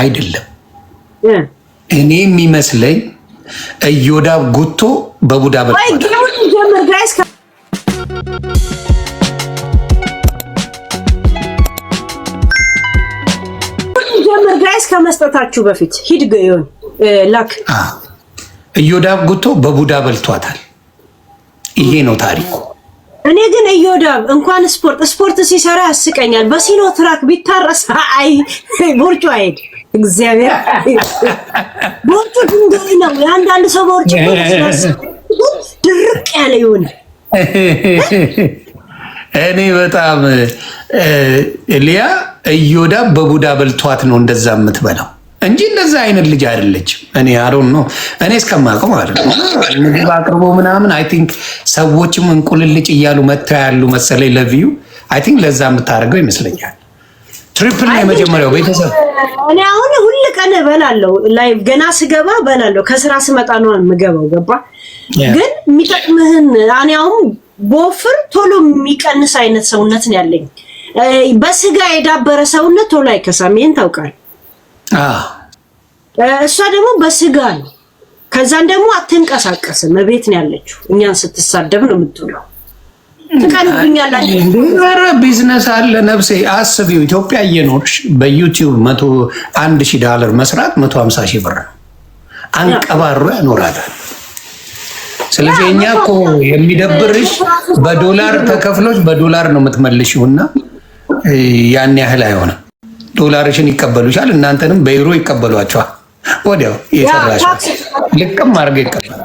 አይደለም። እኔ የሚመስለኝ እዮዳብ ጉቶ በቡዳ በ ከመስጠታችሁ በፊት ሂድ ገዮን ላክ እዮዳብ ጉቶ በቡዳ በልቷታል። ይሄ ነው ታሪኩ። እኔ ግን እዮዳብ እንኳን ስፖርት ስፖርት ሲሰራ ያስቀኛል። በሲኖ ትራክ ቢታረስ አይ ቦርጩ አይሄድ እግዚአብሔር ቦርጩ ድንጋይ ነው። የአንዳንድ ሰው ቦርጩ ድርቅ ያለ ይሆን። እኔ በጣም ሊያ እዮዳብ በቡዳ በልቷት ነው እንደዛ የምትበላው እንጂ እንደዛ አይነት ልጅ አይደለች እኔ አሮን ነው እኔ እስከማውቀው ማለት ነው። ምግብ አቅርቦ ምናምን አይ ቲንክ ሰዎችም እንቁልልጭ እያሉ መጥተው ያሉ መሰለኝ ለቪዩ አይ ቲንክ ለዛ የምታደርገው ይመስለኛል። ትሪፕል ነው የመጀመሪያው ቤተሰብ። እኔ አሁን ሁል ቀን እበላለሁ፣ ላይ ገና ስገባ እበላለሁ። ከስራ ስመጣ ነው የምገባው። ገባ ግን የሚጠቅምህን እኔ አሁን በወፍር ቶሎ የሚቀንስ አይነት ሰውነት ነው ያለኝ። በስጋ የዳበረ ሰውነት ቶሎ አይከሳም። ይህን ታውቃል እሷ ደግሞ በስጋ ነው። ከዛን ደግሞ አትንቀሳቀስም፣ እቤት ነው ያለችው። እኛን ስትሳደብ ነው የምትውለው። ኧረ ቢዝነስ አለ ነፍሴ፣ አስቢው። ኢትዮጵያ እየኖርሽ በዩቲዩብ መቶ አንድ ሺህ ዳለር መስራት መቶ ሀምሳ ሺህ ብር ነው። አንቀባሮ ያኖራታል። ስለዚህ እኛ እኮ የሚደብርሽ በዶላር ተከፍሎች በዶላር ነው የምትመልሽው እና ያን ያህል አይሆንም። ዶላርሽን ይቀበሉሻል። እናንተንም በዩሮ ይቀበሏቸዋል። ወዲያው የሰራሽ ልቅም አድርገው ይቀበላል።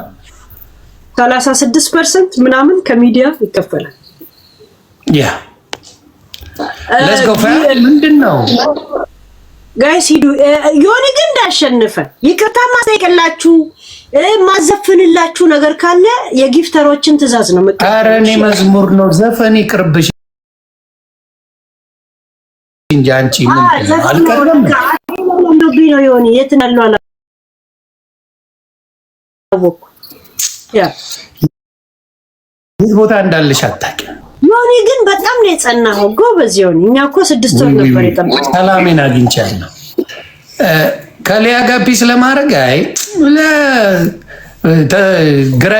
ሰላሳ ስድስት ፐርሰንት ምናምን ከሚዲያ ይከፈላል። ያ ለስጎፋ ምንድን ነው ጋይስ ሂዱ። የሆነ ግን እንዳሸንፈ ይቅርታ ማስጠይቅላችሁ ማዘፍንላችሁ ነገር ካለ የጊፍተሮችን ትእዛዝ ነው። ኧረ እኔ መዝሙር ነው ዘፈን ይቅርብሽ። እንጂ አንቺ ምን አልቀረም ነው የሆነ የት ቦታ እንዳለሽ አታውቂም። ግን በጣም ነው የጸናኸው ጎበዝ። እኛ እኮ ስድስት ወር ነበር የጠበቅነው። ሰላሜን አግኝቻለሁ ከሊያ ጋር ፒስ ለማድረግ አይ ግራ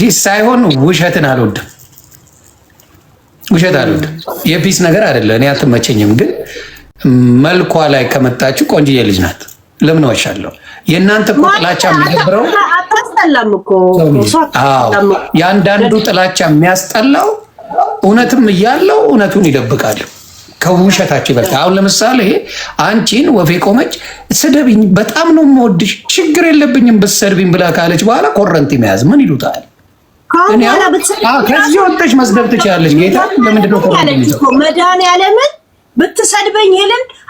ፒስ ሳይሆን ውሸትን አልወድም። ውሸት አልወድም። የፒስ ነገር አይደለ። እኔ አትመቸኝም፣ ግን መልኳ ላይ ከመጣችሁ ቆንጅዬ ልጅ ናት። ለምን ዋሻለሁ? የእናንተ እኮ ጥላቻ የሚደብረው የአንዳንዱ ጥላቻ የሚያስጠላው እውነትም እያለው እውነቱን ይደብቃል ከውሸታቸው ይበልጥ። አሁን ለምሳሌ አንቺን ወፌ ቆመች ስደብኝ፣ በጣም ነው የምወድሽ፣ ችግር የለብኝም ብትሰድብኝ ብላ ካለች በኋላ ኮረንቲ መያዝ ምን ይሉታል? ከዚህ ወጥተሽ መስደብ ትችላለች። ጌታ መድኃኒዓለምን ብትሰድበኝ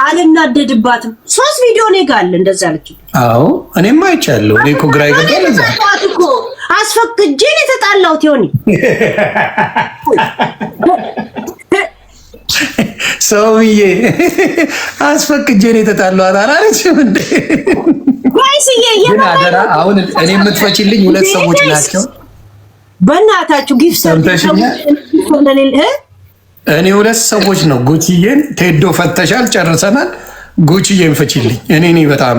አልናደድባትም። ሶስት ቪዲዮ እኔ ጋር አለ እንደዛ አዎ አይቻለሁ። እኔ እኮ ግራ ይገባል። አስፈቅጄን የተጣላሁት ይሆን ሰውዬ አስፈቅጄን የተጣላሁት አላለችም እንዴ? ግን አሁን እኔ የምትፈችልኝ ሁለት ሰዎች ናቸው በእናታችሁ ጊፍ እኔ ሁለት ሰዎች ነው ጉቺዬን ቴዶ ፈተሻል፣ ጨርሰናል። ጉቺዬን ፍችልኝ። እኔ እኔ በጣም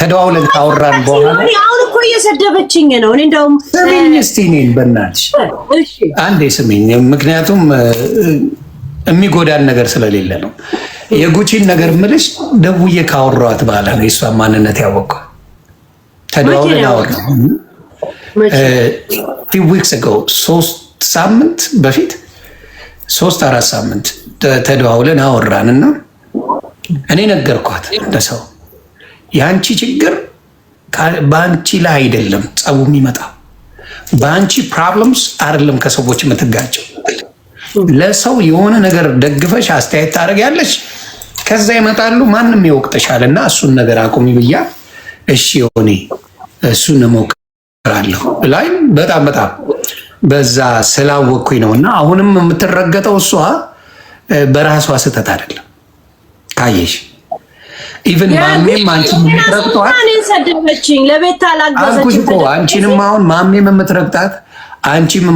ተደዋውለን ካወራን በኋላ አሁን እኮ እየሰደበችኝ ነው። እኔ እንደውም ስሚኝ እስቲ እኔን በእናትሽ አንዴ ስሚኝ፣ ምክንያቱም የሚጎዳን ነገር ስለሌለ ነው። የጉቺን ነገር ምልሽ ደውዬ ካወሯት በኋላ ነው የእሷን ማንነት ያወቀው። ተደዋውለን አወራ ፊው ዊክስ ጎ ሶስት ሳምንት በፊት ሶስት አራት ሳምንት ተደዋውለን አወራንና እኔ ነገርኳት ለሰው የአንቺ ችግር በአንቺ ላይ አይደለም ጸቡ የሚመጣ በአንቺ ፕሮብለምስ አይደለም ከሰዎች የምትጋጨው ለሰው የሆነ ነገር ደግፈሽ አስተያየት ታደርጊያለሽ ከዛ ይመጣሉ ማንም ይወቅጥሻል እና እሱን ነገር አቁሚ ብያ እሺ ሆኔ እሱን ሞክ ራለሁ ላይም በጣም በጣም በዛ ስላወቅኩኝ ነው። እና አሁንም የምትረገጠው እሷ በራሷ ስህተት አይደለም። ካየሽ ኢቨን ማሜም አንቺን የምትረግጧት አልኩሽ አንቺንም አሁን ማሜም የምትረግጣት አንቺም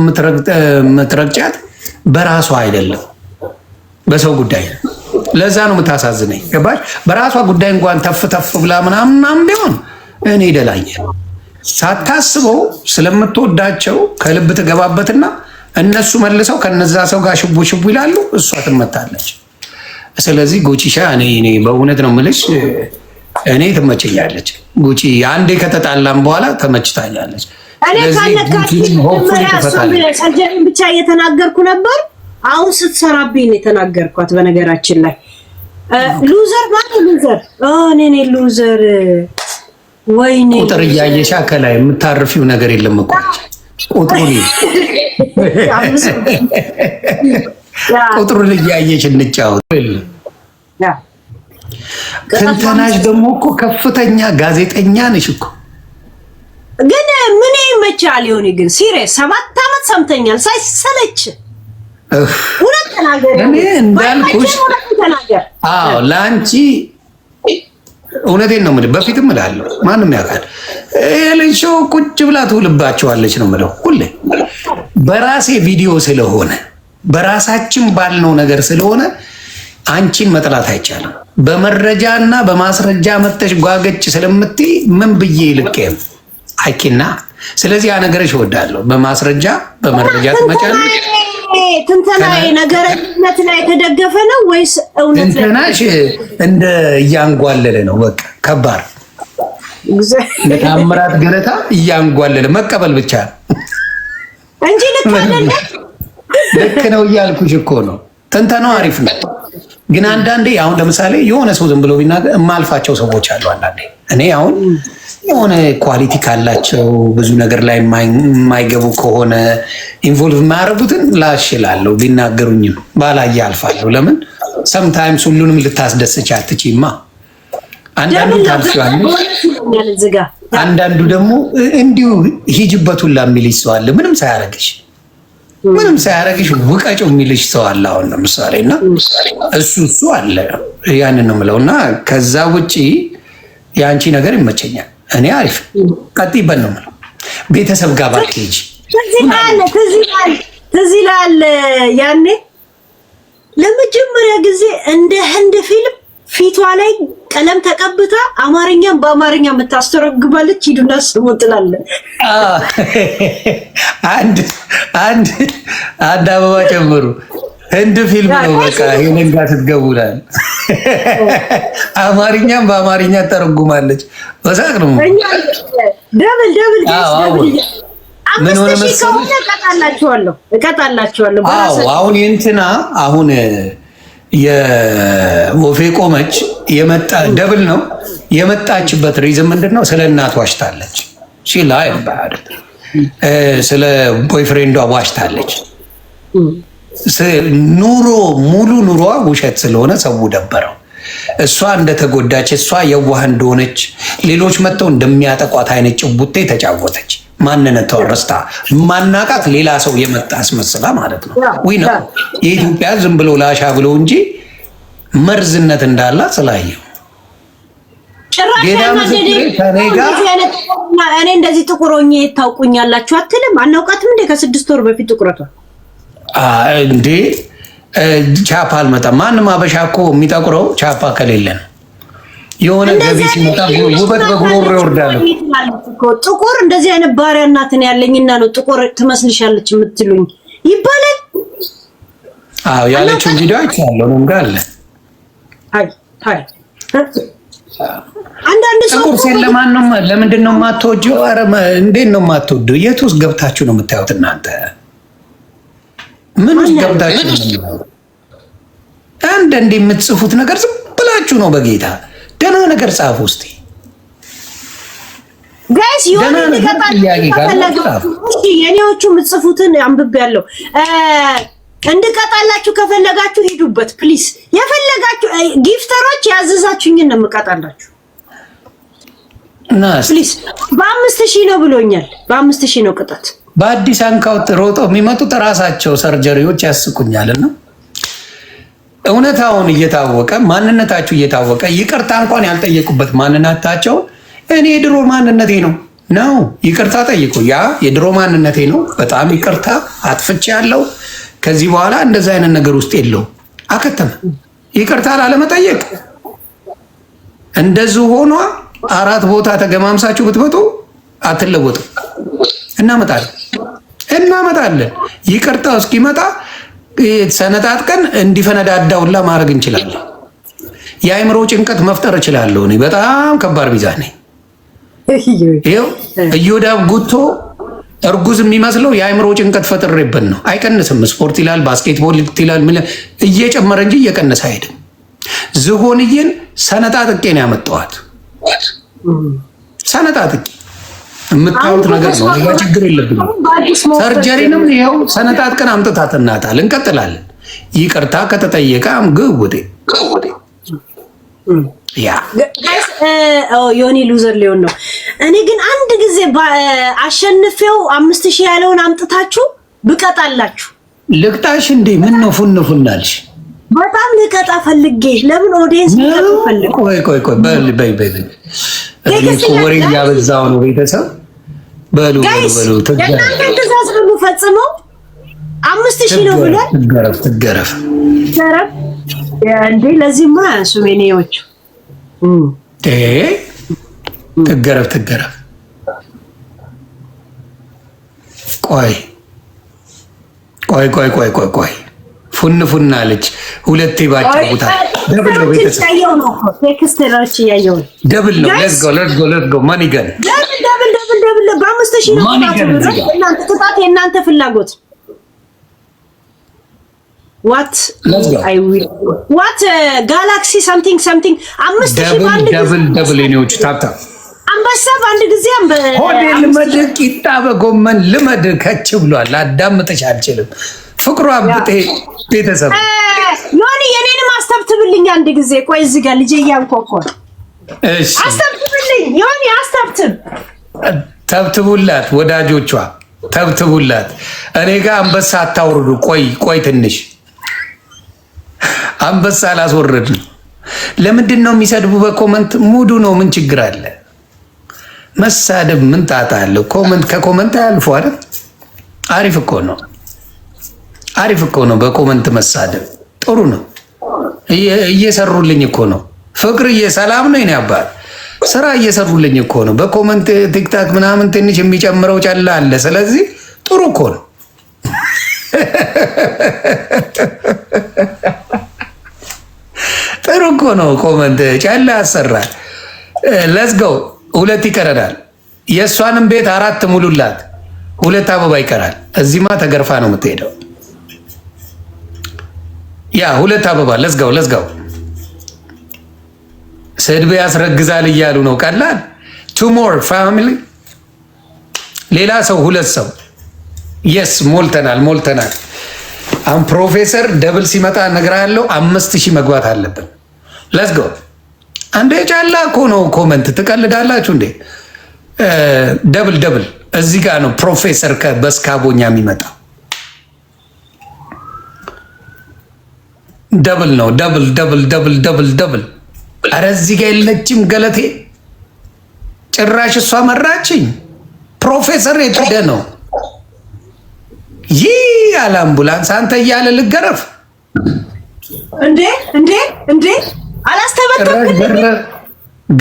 የምትረግጫት በራሷ አይደለም፣ በሰው ጉዳይ ለዛ ነው የምታሳዝነኝ። ገባሽ? በራሷ ጉዳይ እንኳን ተፍ ተፍ ብላ ምናምን ምናምን ቢሆን እኔ ይደላኛል። ሳታስበው ስለምትወዳቸው ከልብ ትገባበትና እነሱ መልሰው ከነዛ ሰው ጋር ሽቡ ሽቡ ይላሉ፣ እሷ ትመታለች። ስለዚህ ጉቺሻ እኔ በእውነት ነው የምልሽ፣ እኔ ትመቸኛለች ጉቺ። አንዴ ከተጣላም በኋላ ተመችታኛለች። ሰርጀሪን ብቻ እየተናገርኩ ነበር። አሁን ስትሰራብኝ ነው የተናገርኳት። በነገራችን ላይ ሉዘር ባ ሉዘር እኔ ሉዘር ወይኔ ቁጥር እያየሻ ከላይ የምታርፊው ነገር የለም እኮ ቁጥሩ ቁጥሩን እያየሽ እንጫወት። ትንተናሽ ደግሞ እኮ ከፍተኛ ጋዜጠኛ ነሽ እኮ። ግን ምን ይመቻል? ሆኔ ግን ሲሬ ሰባት አመት ሰምተኛል ሳይሰለች እውነት ተናገር። እንዳልኩሽ ለአንቺ እውነቴን ነው የምልህ። በፊትም እልሃለሁ ማንም ያውቃል። ኤለን ሾው ቁጭ ብላ ትውልባቸዋለች ነው የምለው ሁሌ። በራሴ ቪዲዮ ስለሆነ በራሳችን ባልነው ነገር ስለሆነ አንቺን መጥላት አይቻልም። በመረጃና በማስረጃ መተሽ ጓገች ስለምትይ ምን ብዬ ልቄም አይኪና። ስለዚህ አነገረሽ እወዳለሁ። በማስረጃ በመረጃ ትመጫለች። ትንተና ነገረነት ላይ የተደገፈ ነው ወይስ እውነት? ትንተናሽ እንደ እያንጓለለ ነው። በቃ ከባድ ለታምራት ገለታ እያንጓለለ መቀበል ብቻ እንጂ ልክ አይደለም። ልክ ነው እያልኩሽ እኮ ነው። ትንተናው አሪፍ ነው፣ ግን አንዳንዴ አሁን ለምሳሌ የሆነ ሰው ዝም ብሎ ቢናገር የማልፋቸው ሰዎች አሉ። አንዳንዴ እኔ አሁን የሆነ ኳሊቲ ካላቸው ብዙ ነገር ላይ የማይገቡ ከሆነ ኢንቮልቭ የማያረጉትን ላሽ እላለሁ። ቢናገሩኝም ባላየ አልፋለሁ። ለምን ሰምታይምስ ሁሉንም ልታስደስች አትችይማ። አንዳንዱ ደግሞ እንዲሁ ሂጅበት ሁላ የሚልሽ ሰው አለ። ምንም ሳያረግሽ ምንም ሳያረግሽ ውቀጭው የሚልሽ ሰው አለ። አሁን ለምሳሌ እና እሱ እሱ አለ። ያንን ነው የምለው እና ከዛ ውጪ የአንቺ ነገር ይመቸኛል። እኔ አሪፍ ቀጥይበት ነው የምለው። ቤተሰብ ጋር ባትሄጂ ትዝ ይልሃል ያኔ ለመጀመሪያ ጊዜ እንደ ህንድ ፊልም ፊቷ ላይ ቀለም ተቀብታ አማርኛም በአማርኛ የምታስተረግባለች። ሂዱና ስሙ አንድ አንድ አንድ አበባ ጨምሩ ህንድ ፊልም ነው። በቃ ሄለን ጋር ስትገቡላል አማርኛም በአማርኛ ተረጉማለች። በሳቅ ነው። ደብል ደብል ምን ሆነ መሰለሽ፣ እቀጣላችኋለሁ እቀጣላችኋለሁ። አሁን የእንትና አሁን የወፌ ቆመች የመጣ ደብል ነው የመጣችበት ሪዝም ምንድን ነው? ስለ እናት ዋሽታለች። ሲላ ስለ ቦይፍሬንዷ ዋሽታለች። ኑሮ ሙሉ ኑሮ ውሸት ስለሆነ ሰው ደበረው። እሷ እንደተጎዳች እሷ የዋህ እንደሆነች ሌሎች መጥተው እንደሚያጠቋት አይነት ጭቡቴ ተጫወተች። ማንነት ተወረስታ ማናቃት ሌላ ሰው የመጣ አስመስላ ማለት ነው። ወይ ነው የኢትዮጵያ ዝም ብሎ ላሻ ብሎ እንጂ መርዝነት እንዳላ ስላየው እኔ እንደዚህ ጥቁሮኝ ሆኜ ታውቁኛላችሁ አትልም። አናውቃትም እንደ ከስድስት ወር በፊት ጥቁረቷል እንዴ ቻፓ አልመጣም። ማንም አበሻ እኮ የሚጠቁረው ቻፓ ከሌለ ነው። የሆነ ገቢ ሲመጣ ውበት በጉሮሮ ይወርዳል። ጥቁር እንደዚህ አይነት ባሪያ እናትን ያለኝና ነው ጥቁር ትመስልሻለች የምትሉኝ ይባላል። አዎ ያለችው ቪዲዮ አይቻለሁ። ነው ጋር አለ። አይ አይ አንዳንድ ጥቁር ሴት ለማን ነው ለምንድን ነው የማትወጂው? ኧረ እንዴት ነው የማትወጂው? የት ውስጥ ገብታችሁ ነው የምታዩት እናንተ? ምን ውስጥ ገብታችሁ አንዳንድ የምትጽፉት ነገር ዝም ብላችሁ ነው። በጌታ ደህና ነገር ጻፉ ውስጥ ጋይስ የሆነ የኔዎቹ የምትጽፉትን አንብቤ ያለው እንድቀጣላችሁ ከፈለጋችሁ ሄዱበት ፕሊስ። የፈለጋችሁ ጊፍተሮች ያዘዛችሁኝን ነው የምቀጣላችሁ ፕሊስ። በአምስት ሺህ ነው ብሎኛል። በአምስት ሺህ ነው ቅጣት በአዲስ አንካውት ሮጦ የሚመጡት ራሳቸው ሰርጀሪዎች ያስቁኛል። እና እውነታውን እየታወቀ ማንነታቸው እየታወቀ ይቅርታ እንኳን ያልጠየቁበት ማንነታቸው እኔ የድሮ ማንነቴ ነው ነው ይቅርታ ጠይቁ። ያ የድሮ ማንነቴ ነው፣ በጣም ይቅርታ አጥፍቼ ያለው ከዚህ በኋላ እንደዚ አይነት ነገር ውስጥ የለው አከተመ። ይቅርታ ላለመጠየቅ እንደዚሁ ሆኗ አራት ቦታ ተገማምሳችሁ ብትመጡ አትለወጡ እናመጣለን። እናመጣለን። ይቅርታ እስኪመጣ ሰነጣጥቀን እንዲፈነዳዳውላ ማድረግ እንችላለን። የአእምሮ ጭንቀት መፍጠር እችላለሁ። እኔ በጣም ከባድ ሚዛን ነኝ። ይኸው እዮዳብ ጉቶ እርጉዝ የሚመስለው የአእምሮ ጭንቀት ፈጥሬበት ነው። አይቀንስም። ስፖርት ይላል፣ ባስኬትቦል ይላል፣ እየጨመረ እንጂ እየቀነሰ አይሄድም። ዝሆንዬን ሰነጣጥቄ ነው ያመጣኋት። ሰነጣጥቄ የምታዩት ነገር ነው። ሌላ ችግር የለብንም። ሰርጀሪንም ይኸው ሰነጣጥቀን አምጥታት እናታል። እንቀጥላለን። ይቅርታ ከተጠየቀ ግውጤ ያ ዮኒ ሉዘር ሊሆን ነው። እኔ ግን አንድ ጊዜ አሸንፌው አምስት ሺህ ያለውን አምጥታችሁ ብቀጣላችሁ ልቅጣሽ እንዴ? ምን ነው ፉን ፉናልሽ? በጣም ልቀጣ ፈልጌ ለምን ኦዲየንስ ልቀጣ ፈልጌ ቆይ ቆይ ቆይ በል በይ በይ ወሬ እያበዛው ነው ቤተሰብ። በሉ በሉ በሉ፣ የእናንተን ትእዛዝ ነው የምፈጽመው። አምስት ሺህ ነው ብሏል። ትገረፍ ትገረፍ ትገረፍ እንዴ! ለዚህማ ሱሜኔዎች ትገረፍ ትገረፍ። ቆይ ቆይ ቆይ ቆይ ቆይ ቆይ ፉን ፉን አለች። ሁለቴ ባጫውታል። ደብል ነው ቤተሰብ ደብል ነው። ሌትስ ጎ ሌትስ ጎ ሌትስ ጎ ማኒ ገን ደብል ደብል ደብል ደብል በአምስት ሺህ ነው። እናንተ ቅጣት የእናንተ ፍላጎት ዋት አይ ዊል ዋት ጋላክሲ ሳምቲንግ ሳምቲንግ አምስት ሺህ ባንድ ደብል ደብል የኔዎቹ ታታ አንበሳ በአንድ ጊዜ ሆዴ ልመድ ቂጣ በጎመን ልመድ ከች ብሏል። አዳምጥሽ አልችልም ፍቅሩ አብጤ ቤተሰብ ሎኒ የኔን አስተብትብልኝ አንድ ጊዜ። ቆይ እዚህ ጋር ልጄ እያንኮኮ አስተብትብልኝ። ሎኒ አስተብትብ ተብትቡላት፣ ወዳጆቿ ተብትቡላት። እኔ ጋር አንበሳ አታውርዱ። ቆይ ቆይ ትንሽ አንበሳ አላስወረድ ነው። ለምንድን ነው የሚሰድቡ? በኮመንት ሙዱ ነው። ምን ችግር አለ? መሳደብ ምን ጣጣ አለው? ኮመንት ከኮመንት አያልፉ አይደል? አሪፍ እኮ ነው። አሪፍ እኮ ነው። በኮመንት መሳደብ ጥሩ ነው። እየሰሩልኝ እኮ ነው። ፍቅር ሰላም ነው። እኔ አባት ስራ እየሰሩልኝ እኮ ነው። በኮመንት ቲክታክ ምናምን ትንሽ የሚጨምረው ጨላ አለ። ስለዚህ ጥሩ እኮ ነው። ጥሩ እኮ ነው። ኮመንት ጨላ ያሰራል። ለዝገው ሁለት ይቀረናል። የእሷንም ቤት አራት ሙሉላት። ሁለት አበባ ይቀራል። እዚህማ ተገርፋ ነው የምትሄደው። ያ ሁለት አበባ ለዝጋው ለዝጋው። ስድብ ያስረግዛል እያሉ ነው። ቀላል ቱሞር ፋሚሊ ሌላ ሰው ሁለት ሰው የስ ሞልተናል ሞልተናል። አሁን ፕሮፌሰር ደብል ሲመጣ እነግርሃለሁ። አምስት ሺህ መግባት አለብን። ለዝጋው አንዴ ጫላ እኮ ነው። ኮመንት ትቀልዳላችሁ እንዴ? ደብል ደብል እዚህ ጋር ነው ፕሮፌሰር በስካቦኛ የሚመጣ ደብል ነው። ደብል ደብል ደብል ደብል ደብል። ኧረ እዚህ ጋር የለችም ገለቴ። ጭራሽ እሷ መራችኝ። ፕሮፌሰር የትደ ነው ይህ ያለ አምቡላንስ አንተ እያለ ልገረፍ እንዴ እንዴ እንዴ! አላስተበጠብክም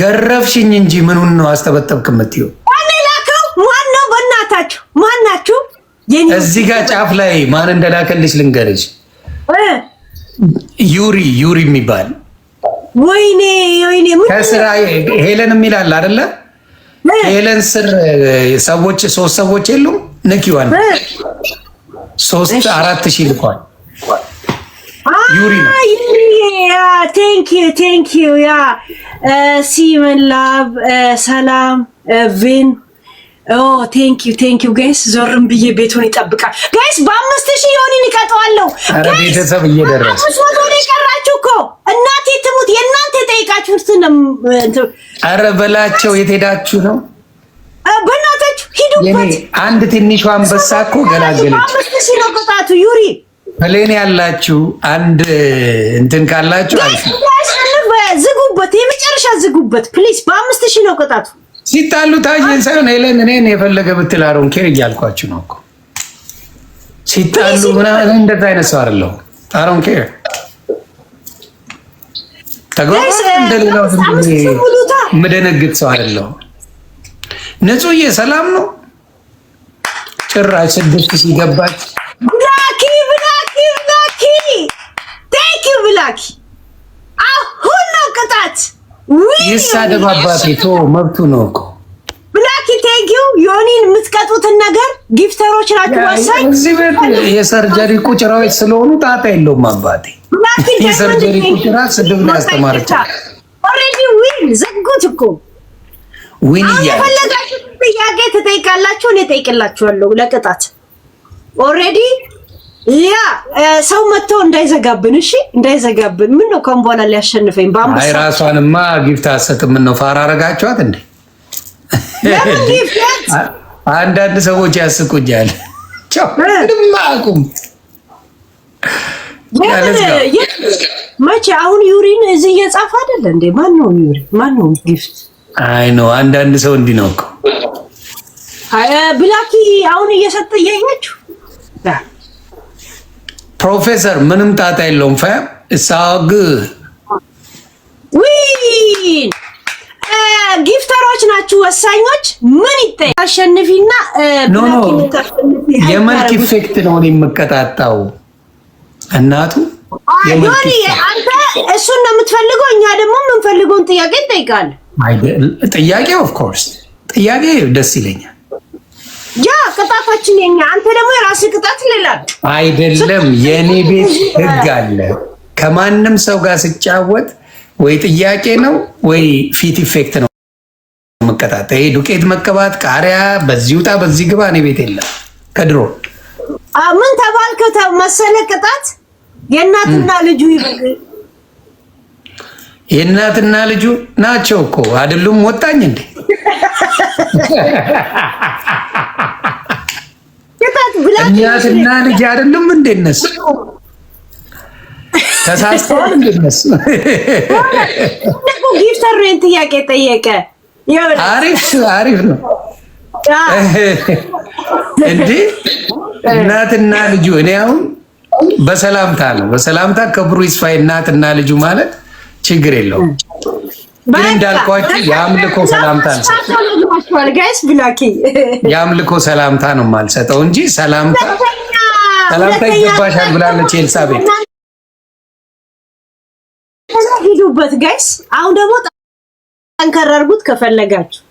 ገረፍሽኝ እንጂ ምኑን ነው አስተበጠብክ የምትይው? እኔ ላከው ማን ነው? በእናታችሁ ማናችሁ? እዚህ ጋር ጫፍ ላይ ማን እንደላከልሽ ልንገርሽ ዩሪ ዩሪ የሚባል ወይኔ ወይኔ ከስራ ሄለን የሚላል አደለ? ሄለን ስር ሰዎች ሶስት ሰዎች የሉም። ንኪዋን ሶስት አራት ሺህ ልኳል። ዩሪ ቴንክ ዩ ያ ሲ ሰላም ቬን ቴንክ ዩ ቴንክ ዩ ጋይስ፣ ዞርም ብዬ ቤቱን ይጠብቃል ጋይስ። በአምስት ሺህ የሆንን ይቀጠዋለሁ። ቤተሰብ እየደረሰ የቀራችሁ እኮ እናቴ ትሙት የእናንተ የጠይቃችሁ ነው። አረ በላቸው የት ሄዳችሁ ነው? በእናታችሁ ሂዱበት። አንድ ትንሿ አንበሳ እኮ ገላገለች። አምስት ሺህ ነው ቅጣቱ። ዩሪ ፕሌን ያላችሁ አንድ እንትን ካላችሁ ዝጉበት፣ የመጨረሻ ዝጉበት ፕሊስ። በአምስት ሺህ ነው ቅጣቱ። ሲጣሉ ታየን ሳይሆን ሄለን እኔን የፈለገ ብትል አሮን ኬር እያልኳችሁ ነው እኮ ሲጣሉ ምናምን እንደዛ አይነት ሰው አይደለሁ። አሮን ኬር ተግባባ እንደሌላው ምደነግጥ ሰው አይደለሁ። ንጹሕዬ ሰላም ነው። ጭራሽ ስድስት ሲገባች ብላኪ ብላኪ ብላኪ ዩ ብላኪ ይሳደብ አባቴ ቶ መብቱ ነው እኮ ብላክ ቴንኪው። ዮኒን የምትቀጡትን ነገር ጊፍተሮች ናችሁ። ወሳኝ የሰርጀሪ ቁጭራዎች ስለሆኑ ጣጣ የለውም አባቴ። የሰርጀሪ ቁጭራ ስድብ ላይ ያስተማረች ኦልሬዲ ዊን ዘጉት እኮ ዊን እያለ የፈለጋችሁ ጥያቄ ትጠይቃላችሁ፣ እኔ እጠይቅላችኋለሁ ለቅጣት ኦልሬዲ ያ ሰው መጥቶ እንዳይዘጋብን፣ እሺ እንዳይዘጋብን። ምን ነው ከም በኋላ ሊያሸንፈኝ በአምባ ራሷንማ ጊፍት አትሰጥም። ምን ነው ፋራ አረጋችኋት እንዴ? አንዳንድ ሰዎች ያስቁኛል። ምንም አያውቁም። መቼ አሁን ዩሪን እዚህ እየጻፈ አይደለ እንዴ? ማን ነው ዩሪ? ማን ነው ጊፍት? አይ ነው አንዳንድ ሰው እንዲህ ነው እኮ ብላኪ አሁን እየሰጠ እያየችው ፕሮፌሰር ምንም ጣጣ የለውም። ፈ ሳግ ጊፍተሮች ናችሁ ወሳኞች። ምን ይታይ አሸንፊና የመልክ ኢፌክት ነው የምቀጣጣው። እናቱ እሱን ነው የምትፈልገው። እኛ ደግሞ የምንፈልገውን ጥያቄ እንጠይቃለን። ጥያቄ ኦፍኮርስ ጥያቄ ደስ ይለኛል። ያ ቅጣታችን የኛ፣ አንተ ደግሞ የራስህ ቅጣት ይላል። አይደለም የእኔ ቤት ህግ አለ። ከማንም ሰው ጋር ስጫወት ወይ ጥያቄ ነው ወይ ፊት ኢፌክት ነው መቀጣት። ይሄ ዱቄት መቀባት፣ ቃሪያ በዚህ ውጣ በዚህ ግባ፣ እኔ ቤት የለም ከድሮ ምን ተባልክ መሰለ ቅጣት የእናትና ልጁ ይበል። የእናትና ልጁ ናቸው እኮ አይደሉም? ወጣኝ እንዴ እናትና ልጅ አይደለም እንዴ እነሱ ተሳስተዋል። እንዴ እነሱ ጊፍተር ሬን ጥያቄ ጠየቀ። አሪፍ አሪፍ ነው እንዴ እናትና ልጁ። እኔ አሁን በሰላምታ ነው በሰላምታ ከብሩ ይስፋ እናትና ልጁ ማለት ችግር የለውም። ግን እንዳልኳችሁ የአምልኮ ሰላምታ ነው የአምልኮ ሰላምታ ነው የማልሰጠው እንጂ ሰላምታ ሰላምታ ይገባሻል ብላለች ሂዱበት ጋይስ። አሁን ደግሞ ጠንከር አድርጉት ከፈለጋችሁ።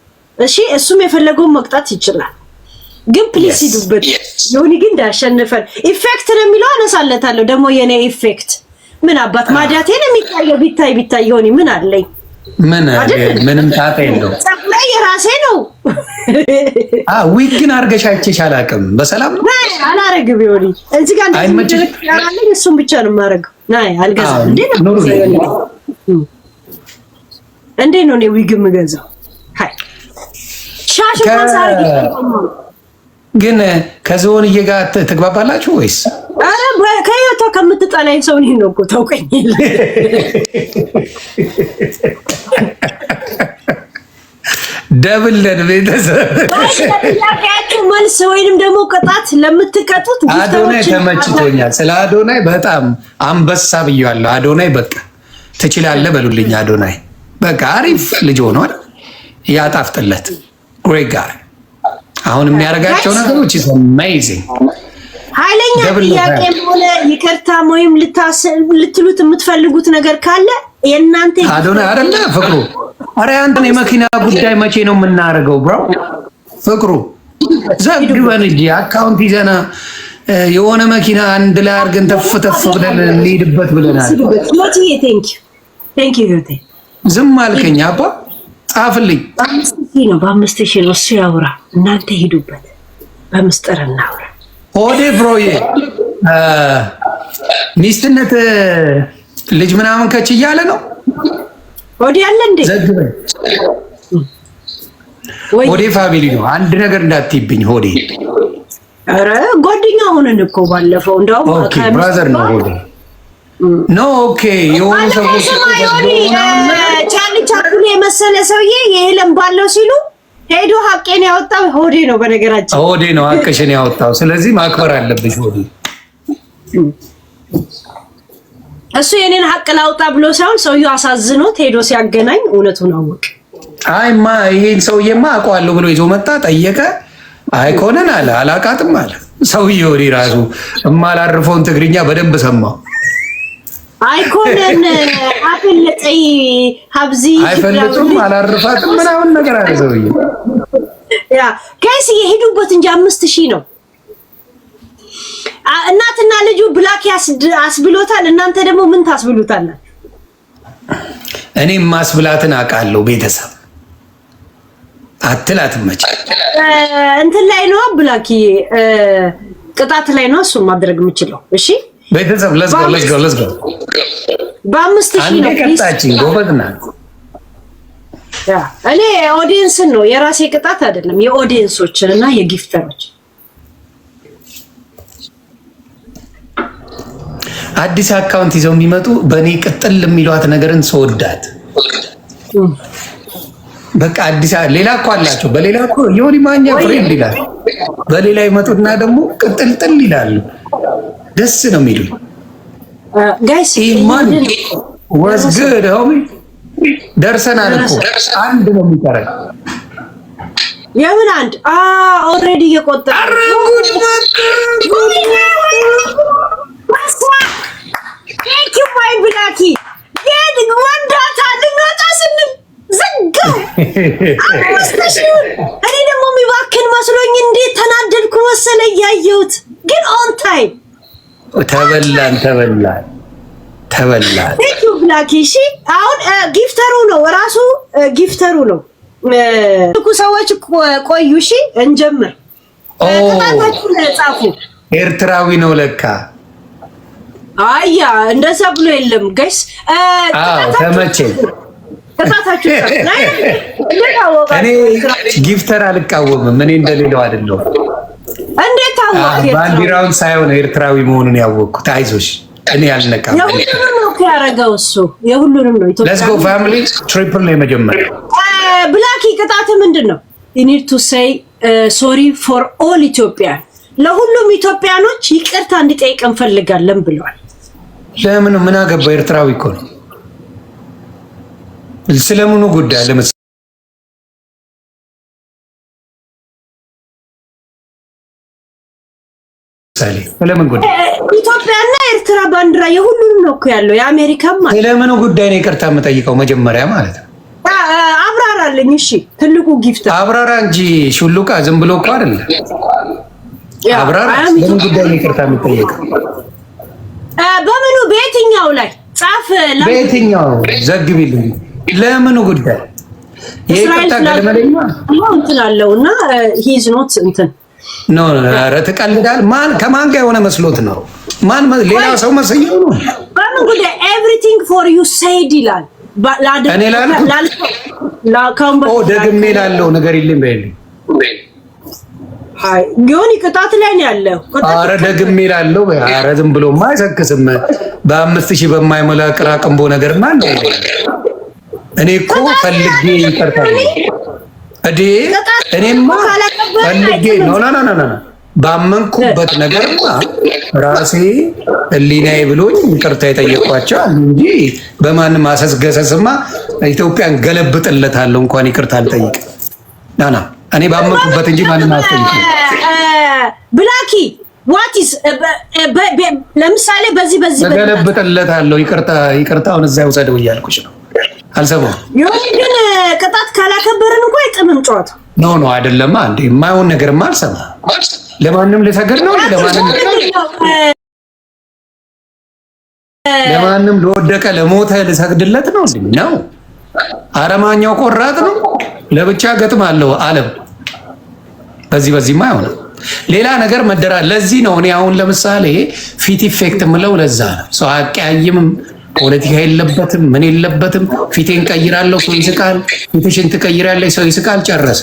እሺ እሱም የፈለገውን መቅጣት ይችላል፣ ግን ፕሊስ ሂዱበት። ይሁን ግን እንዳሸነፈን ኢፌክት ነው የሚለው አነሳለታለሁ። ደግሞ ኢፌክት ምን አባት ማዳቴን የሚታየው ቢታይ ቢታይ ይሆን ምን አለኝ ምን ምንም ጣጣ የለው። ጠቅላይ የራሴ ነው። ዊግን አድርገሽ አይቼሽ አላውቅም። በሰላም ነው አላረግም። ሆኒ እዚህ ጋር እንደዚህ እሱም ብቻ ነው የማደርገው። አልገዛም። እንዴት ነው እኔ ዊግ የምገዛው? ሻሽ ግን ከዝሆንዬ ጋር ትግባባላችሁ ወይስ ከምትጠላኝ ሰው እኔን ነው እኮ ታውቀኝ የለ ደብለን ቤተሰብ መልስ ወይንም ደግሞ ቅጣት ለምትቀጡት አዶናይ ተመችቶኛል። ስለ አዶናይ በጣም አንበሳ ብያለሁ። አዶናይ በቃ ትችላለ በሉልኝ። አዶናይ በቃ አሪፍ ልጅ ሆኗል። ያጣፍጥለት። ግሬት አሁን የሚያደርጋቸው ነገሮች ኢዝ አሜዚንግ ኃይለኛ ጥያቄም ሆነ ይቅርታም ወይም ልትሉት የምትፈልጉት ነገር ካለ የእናንተ አዶና አደለ ፍቅሩ። አረ አንተን የመኪና ጉዳይ መቼ ነው የምናደርገው? ብራው ፍቅሩ ዘግበን እንጂ አካውንት ይዘና የሆነ መኪና አንድ ላይ አድርገን ተፍ ተፍ ብለን እንሄድበት ብለናል። ዝም አልከኝ አባ ጻፍልኝ። በአምስት ሺህ ነው በአምስት ሺህ ነው እሱ ያውራ። እናንተ ሄዱበት በምስጥር እናውራ ኦዴ ፍሮዬ ሚስትነት ልጅ ምናምን ከች እያለ ነው። ኦዴ አለ እንዴ? ዘግበኝ። ኦዴ ፋሚሊ ነው። አንድ ነገር እንዳትይብኝ ሆዴ። ኧረ ጓደኛ ሆነን እኮ ባለፈው እንደውም ብራዘር ነው ሆዴ ኖ ኦኬ። የሆኑ ሰዎች ቻንቻኩን የመሰለ ሰውዬ የለም ባለው ሲሉ ሄዶ ሀቄን ያወጣው ሆዴ ነው። በነገራችን ሆዴ ነው ሀቅሽን ያወጣው። ስለዚህ ማክበር አለብሽ ሆዴ። እሱ የኔን ሀቅ ላውጣ ብሎ ሳይሆን ሰውየው አሳዝኖት ሄዶ ሲያገናኝ እውነቱን አወቅ። አይማ ይሄን ሰውዬማ አውቀዋለሁ ብሎ ይዞ መጣ፣ ጠየቀ። አይኮንን አለ አላቃትም አለ ሰውዬው። እኔ ራሱ እማላርፈውን ትግርኛ በደንብ ሰማው። አይኮንን አፈለጠይ ሀብዚ አይፈልጡም አላርፋትም ምናምን ነገር አለ ሰውዬ። ያ ጋይስ የሄዱበት እንጂ አምስት ሺህ ነው። እናትና ልጁ ብላክ አስብሎታል። እናንተ ደግሞ ምን ታስብሉታላችሁ? እኔም ማስብላትን አውቃለሁ። ቤተሰብ አትላት መች እንትን ላይ ነዋ ብላኪ ቅጣት ላይ ነዋ እሱን ማድረግ የምችለው እሺ ቤተሰብ ለዝጋው ለዝጋው ለዝጋው። በአምስት ሺህ ነው ቀጣችኝ። ጎበዝ እኔ ኦዲየንስን ነው የራሴ ቅጣት አይደለም፣ የኦዲየንሶችን እና የጊፍተሮች አዲስ አካውንት ይዘው የሚመጡ በእኔ ቅጥል የሚሏት ነገርን ሰወዳት በቃ አዲስ ሌላ እኮ አላቸው። በሌላ እኮ የሆነ ማኛ ፍሬንድ ይላል። በሌላ ይመጡና ደግሞ ቅጥልጥል ይላሉ። ደስ ነው የሚሉኝ። ወዝግድ ደርሰናል እኮ አንድ ነው የሚቀረን። የምን አንድ ኦልሬዲ እየቆጠረ ብላኪ ወንዳታ ልንወጣ ስንል ዘጋው አስሽን እኔ ደግሞ የሚባክን መስሎኝ እንዴት ተናደድኩ መሰለ እያየሁት ተበላን ተበላን ተበላን። ብላኪ እሺ፣ አሁን ጊፍተሩ ነው ራሱ ጊፍተሩ ነው። እኩ ሰዎች ቆዩ። እሺ እንጀምር። ቅጣታችሁን ጻፉ። ኤርትራዊ ነው ለካ። አያ እንደዛ ብሎ የለም ጋይስ። ተመቸኝ። ቅጣታችሁን እኔ ጊፍተር አልቃወምም። እኔ እንደሌለው አይደለሁም። እንዴት ታወቅ? ባንዲራውን ሳይሆን ኤርትራዊ መሆኑን ያወቅኩት። አይዞሽ እኔ የሁሉንም ነው ያደረገው እሱ የሁሉንም ነው። ኢትዮጵያ ሌትስ ጎ ፋሚሊ ትሪፕል የመጀመሪያ ብላኪ ቅጣት ምንድን ነው? ሶሪ ፎር ኦል ኢትዮጵያ ለሁሉም ኢትዮጵያኖች ይቅርታ እንዲጠይቅ እንፈልጋለን ብለዋል። ለምን ምን አገባ ኤርትራዊ እኮ ነው። ስለምኑ ጉዳይ ለምስ ለምሳሌ ለምን ጉዳይ ኢትዮጵያና ኤርትራ ባንዲራ የሁሉንም ነው እኮ ያለው የአሜሪካ ማለት ስለምን ጉዳይ ነው ይቅርታ የምጠይቀው መጀመሪያ ማለት ነው አብራራለኝ እሺ ትልቁ ጊፍት አብራራ እንጂ ሹሉቃ ዝም ብሎ እኮ አይደለም አብራራ ለምን ጉዳይ ነው ይቅርታ የምጠይቀው በምኑ በየትኛው ላይ ጻፍ በየትኛው ዘግቢልኝ ለምኑ ጉዳይ ይቅርታ ገለመለኛ እንትን አለውና ሂዝ ኖት እንትን ነው። ኧረ ትቀልዳል። ማን ከማን ጋር የሆነ መስሎት ነው? ማን ሌላ ሰው መስየው ነው? በምን ጉዳይ ኤቭሪቲንግ ፎር ዩ ሴድ ይላል። እኔ ላልኩ ደግሜ ላለው ነገር የለም በይልኝ ጊዮኒ ቅጣት ላይ ነው ያለው። አረ ደግሜ እላለሁ። አረ ዝም ብሎማ አይሰክስም። በአምስት ሺህ በማይሞላ ቅራቅንቦ ነገር ማን ነው? እኔ እኮ ፈልጌ ይቀርታል። እዴ እኔማ ፈልጌ ነው ና ና ባመንኩበት ነገርማ ራሴ ሕሊናዬ ብሎኝ ይቅርታ የጠየኳቸው እንጂ በማንም አሰስገሰስማ ኢትዮጵያን ገለብጥለታለሁ እንኳን ይቅርታ አልጠይቅ ናና እኔ ባመንኩበት እንጂ ማንም አስጠይቅ ብላኪ ዋቲስ ለምሳሌ በዚህ በዚህ ገለብጥለታለሁ ይቅርታውን እዛ ውሰደው እያልኩች ነው። አልሰማሁም። ይሁን ግን ቅጣት ካላከበርን እኮ አይጥምም ጨዋታ ኖ ኖ አይደለም እንዴ! የማይሆን ነገርማ አልሰማ። ለማንም ልሰግድ ነው ለማንም ለማንም ለወደቀ ለሞተ ልሰግድለት ነው እንዴ? ነው አረማኛው ቆራጥ ነው። ለብቻ ገጥም አለው አለም በዚህ በዚህማ አይሆንም። ሌላ ነገር መደራ ለዚህ ነው እኔ አሁን ለምሳሌ ፊት ኢፌክት ምለው ለዛ ነው ሰው አያቀያይምም ፖለቲካ የለበትም፣ ምን የለበትም። ፊቴን ቀይራለሁ፣ ሰው ይስቃል። ፊትሽን ትቀይራለች፣ ሰው ይስቃል። ጨረሰ።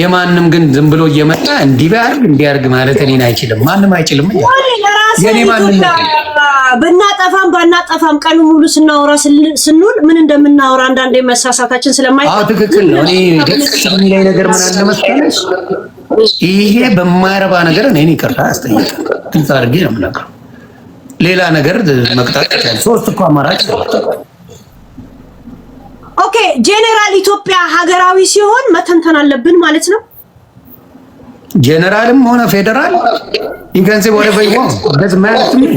የማንም ግን ዝም ብሎ እየመጣ እንዲያርግ እንዲያርግ ማለት እኔን አይችልም፣ ማንም አይችልም። የኔ ማንም ብናጠፋም ባናጠፋም ቀኑ ሙሉ ስናወራ ስንውል ምን እንደምናወራ አንዳንዴ መሳሳታችን ስለማይ ትክክል ነው። እኔ ደስ የሚለኝ ነገር ምን አለ መሰለሽ፣ ይሄ በማይረባ ነገር እኔን ይቅርታ አስጠይቅ፣ ግልጽ አድርጌ ነው የምነግረው ሌላ ነገር መቅጣት ይቻላል። ሶስት እኮ አማራጭ ኦኬ። ጄኔራል ኢትዮጵያ ሀገራዊ ሲሆን መተንተን አለብን ማለት ነው። ጄኔራልም ሆነ ፌዴራል ኢንከንሲ ወደ ፈይሆ ደስ ማለት ምን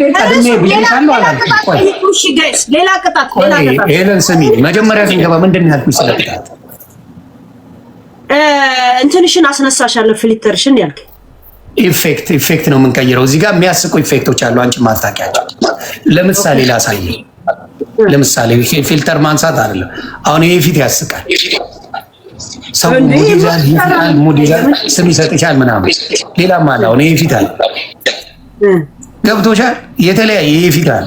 ሌላ መጀመሪያ እንትንሽን አስነሳሻለሁ፣ ፍሊተርሽን ያልከኝ ኢፌክት ኢፌክት ነው የምንቀይረው። እዚህ ጋር የሚያስቁ ኢፌክቶች አሉ፣ አንቺ ማታውቂያቸው። ለምሳሌ ላሳየ። ለምሳሌ ፊልተር ማንሳት አይደለም። አሁን ይሄ ፊት ያስቃል፣ ሰው ሙድ ይዛል፣ ሙድ ይዛል፣ ስም ይሰጥሻል ምናምን። ሌላም አለ። አሁን ይሄ ፊት አለ፣ ገብቶሻል? የተለያየ ይሄ ፊት አለ።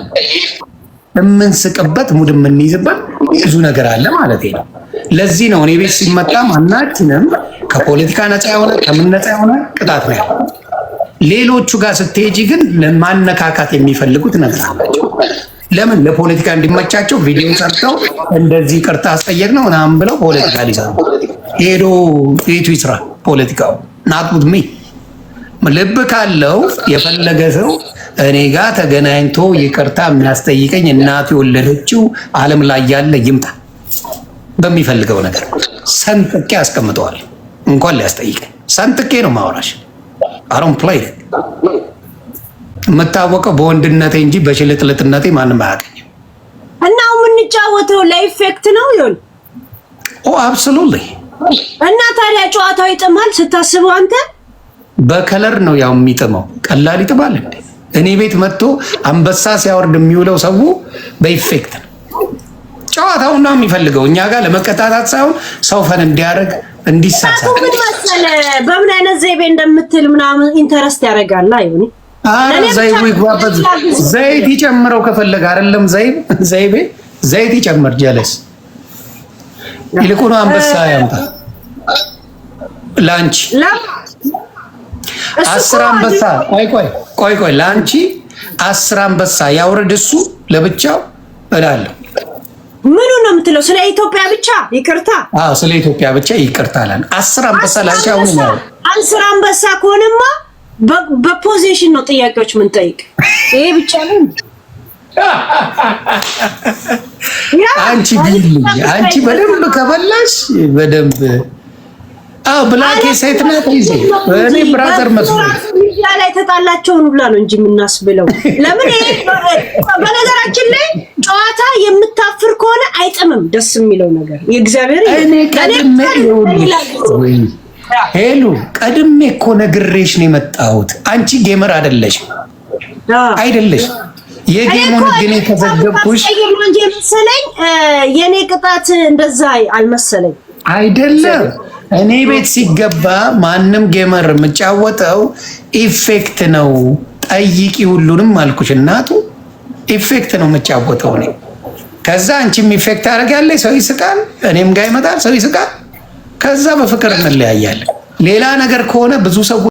የምንስቅበት ሙድ የምንይዝበት ብዙ ነገር አለ ማለት ነው። ለዚህ ነው እኔ ቤት ሲመጣ ማናችንም ከፖለቲካ ነፃ የሆነ ከምን ነፃ የሆነ ቅጣት ነው ያለው። ሌሎቹ ጋር ስትሄጂ ግን ለማነካካት የሚፈልጉት ነገር አላቸው። ለምን ለፖለቲካ እንዲመቻቸው ቪዲዮ ሰርተው እንደዚህ ቅርታ አስጠየቅ ነው ምናምን ብለው ፖለቲካ ሊሰሩ ሄዶ ቤቱ ይስራ ፖለቲካው ናጡት ሚ ልብ ካለው የፈለገ ሰው እኔ ጋር ተገናኝቶ ይቅርታ የሚያስጠይቀኝ እናት የወለደችው ዓለም ላይ ያለ ይምጣ በሚፈልገው ነገር ሰንጥቄ አስቀምጠዋል። እንኳን ሊያስጠይቀኝ ሰንጥቄ ነው ማውራሽ። አሮን ፕላይ የምታወቀው በወንድነቴ እንጂ በሽልጥልጥነቴ ማንም አያገኝም። እና የምንጫወተው ለኢፌክት ነው ይሁን ኦ አብሶሉትሊ። እና ታዲያ ጨዋታው ይጥማል ስታስበው አንተ በከለር ነው ያው የሚጥመው። ቀላል ይጥማል እንዴ? እኔ ቤት መጥቶ አንበሳ ሲያወርድ የሚውለው ሰው በኢፌክት ነው። ጨዋታው ነው የሚፈልገው እኛ ጋር ለመቀጣጣት ሳይሆን ሰው ፈን እንዲያደርግ እንዲሳሳት ምን በምን አይነት ዘይቤ እንደምትል ምናምን ኢንተረስት ያደርጋል። አይሁን ዘይቡ ይግባበት። ዘይት ይጨምረው ከፈለገ አይደለም ዘይብ ዘይቤ ዘይት ይጨምር። ጀለስ ይልቁኑ አንበሳ ያምጣ ላንቺ አስር አንበሳ ቆይ ቆይ ቆይ ቆይ ላንቺ አስር አንበሳ ያውርድ እሱ ለብቻው እላለሁ ምኑ ነው የምትለው? ስለ ኢትዮጵያ ብቻ ይቅርታ። አዎ ስለ ኢትዮጵያ ብቻ ይቅርታ አለን። አስር አንበሳ ላንቺ አሁን ነው አስር አንበሳ ከሆነማ በፖዚሽን ነው ጥያቄዎች ምን ይሄ ብቻ ነው አንቺ ቢልኝ አንቺ በደንብ ከበላሽ በደንብ አዎ ብላኬ ሴት ናት። ይዜ እኔ ብራዘር መስሎኝ ሚዲያ ላይ ተጣላቸውን ሁላ ነው እንጂ የምናስብለው ለምን? በነገራችን ላይ ጨዋታ የምታፍር ከሆነ አይጥምም። ደስ የሚለው ነገር የእግዚአብሔር እኔ ቀድሜ ሄሉ ቀድሜ እኮ ነግሬሽ ነው የመጣሁት። አንቺ ጌመር አይደለሽ አይደለሽ የጌሙን ግን የተዘገብኩሽ መሰለኝ። የእኔ ቅጣት እንደዛ አልመሰለኝ አይደለም። እኔ ቤት ሲገባ ማንም ጌመር የምጫወተው ኢፌክት ነው። ጠይቂ ሁሉንም አልኩሽ እናቱ ኢፌክት ነው የምጫወተው እኔ። ከዛ አንቺም ኢፌክት አደርጋለች፣ ሰው ይስቃል፣ እኔም ጋር ይመጣል፣ ሰው ይስቃል። ከዛ በፍቅር እንለያያለን። ሌላ ነገር ከሆነ ብዙ ሰው